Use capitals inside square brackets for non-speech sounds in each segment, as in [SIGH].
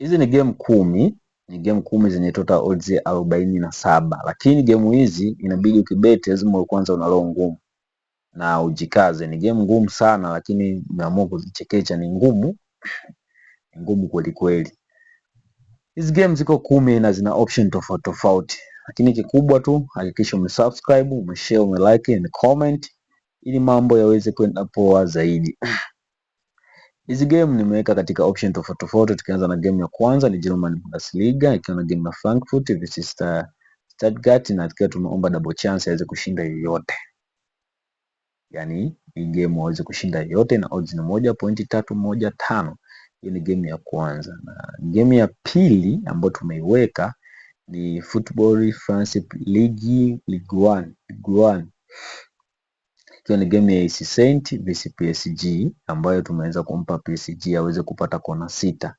Hizi ni game kumi, ni game kumi zenye total odds arobaini na saba, lakini game hizi inabidi ukibeti lazima kwanza una roho ngumu na ujikaze. Ni game ngumu sana, lakini nimeamua kuzichekecha. Ni ngumu, [SNIFFS] ni ngumu kweli kweli. Hizi game ziko kumi na zina option tofauti tofauti, lakini kikubwa tu hakikisha umesubscribe, umeshare, umelike and comment ili mambo yaweze kwenda poa zaidi. [SNIFFS] Hizi game nimeweka katika option tofauti tofauti, tukianza na game ya kwanza ni German Bundesliga ikiwa na game na Frankfurt vs Stuttgart, na tukiwa tumeomba double chance aweze kushinda yoyote, yaani hii game aweze kushinda yoyote, na odds ni moja pointi tatu moja tano. Hiyo ni game ya kwanza, na game ya pili ambayo tumeiweka ni Football France League Ligue 1 ikiwa ni game ya AC Saint vs PSG ambayo tumeweza kumpa PSG aweze kupata kona sita.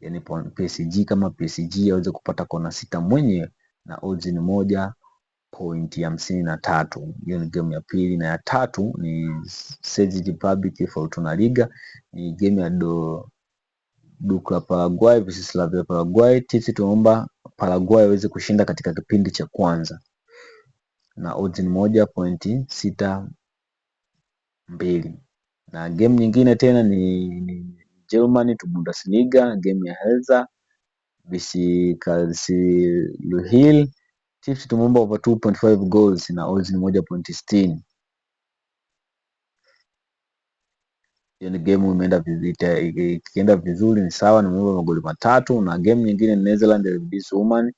Yaani PSG kama PSG aweze kupata kona sita mwenye na odds ni moja pointi hamsini na tatu. Hiyo ni game ya pili, na ya tatu ni Czech Republic Fortuna Liga, ni game ya do Dukla Paraguay vs Slavia Paraguay. Sisi tunaomba Paraguay aweze kushinda katika kipindi cha kwanza, na odds ni moja pointi sita mbili. Na game nyingine tena ni Germany to Bundesliga, game ya Helza BC Karlsruhe. Chiefs tumeomba over 2.5 goals na odds ni 1.16. Yani game imeenda vizuri, ikienda vizuri ni sawa, nimeomba magoli matatu. Na game nyingine ni Netherlands vs Oman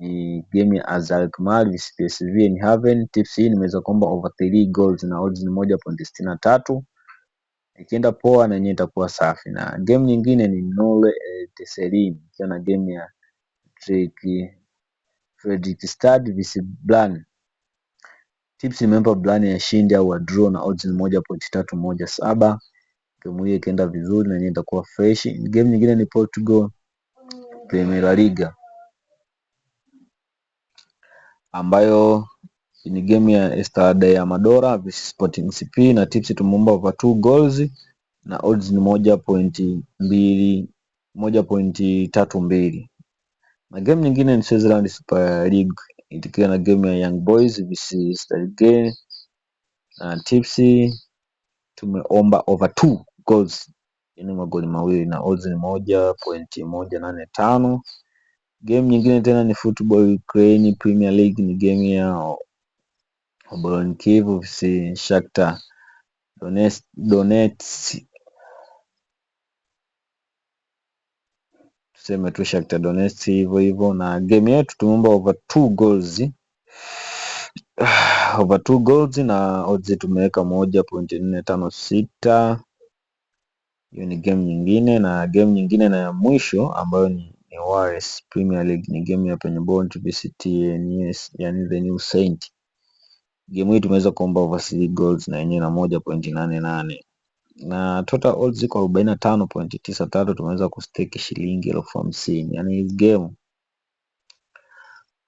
ni game ya Azalkmaar PSV Eindhoven. Tips hii nimeweza kuomba over 3 goals na odds ni 1.63. Ikienda poa na yenyewe itakuwa safi, na game nyingine ni Nole eh, Tesserin ikiwa na game ya Trek Fredrikstad vs Blan. Tips imempa Blan ya shindi au draw na odds ni 1.317. Game hii ikienda vizuri na yenyewe itakuwa fresh. Game nyingine ni Portugal Premier Liga ambayo ni game ya Estade ya Madora vs Sporting CP na tips tumeomba over 2 goals na odds ni 1.2 1.32. na game nyingine ni Switzerland Super League itakiwa na game ya Young Boys vs Stargate na tips tumeomba over 2 goals, yani magoli mawili na odds ni 1.185. Game nyingine tena ni Football Ukraine Premier League ni game ya Oboronkiv FC Shakhtar Donetsk. Tuseme tu Shakhtar Donetsk hivyo hivyo, na game yetu tumeomba over 2 goals [SIGHS] over 2 goals na odds tumeweka 1.456. Hiyo ni game nyingine, na game nyingine na ya mwisho ambayo ni ni ORS Premier League ni game ya penye Bond VCT NES yani the new Saint. Game hii tumeweza kuomba over 3 goals na yenyewe na 1.88 na total odds ziko 45.93 tumeweza kustake shilingi elfu hamsini. Yani game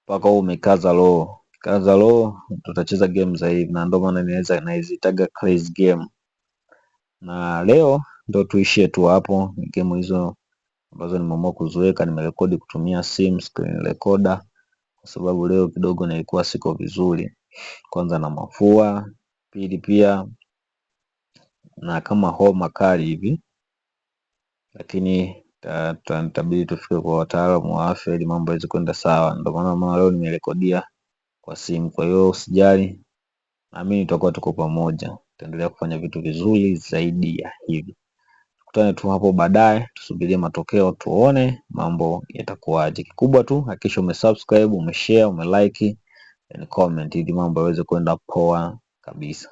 mpaka huu umekaza low. Kaza low tutacheza game za hivi na ndio maana niweza naizitaga crazy game. Na leo ndo tuishie tu hapo game hizo ambazo nimeamua kuziweka nimerekodi kutumia simu screen recorder kwa sababu leo kidogo nilikuwa siko vizuri, kwanza na mafua, pili pia na kama homa kali hivi, lakini itabidi tufike kwa wataalamu wa afya ili mambo yaweze kwenda sawa. Ndio maana leo nimerekodia kwa simu, kwa hiyo usijali, naamini tutakuwa tuko pamoja, tutaendelea kufanya vitu vizuri zaidi ya hivi. Tukutane tu hapo baadaye, tusubirie matokeo tuone mambo yatakuwaje. Kikubwa tu hakikisha umesubscribe, umeshare, umelike and comment ili mambo yaweze kuenda poa kabisa.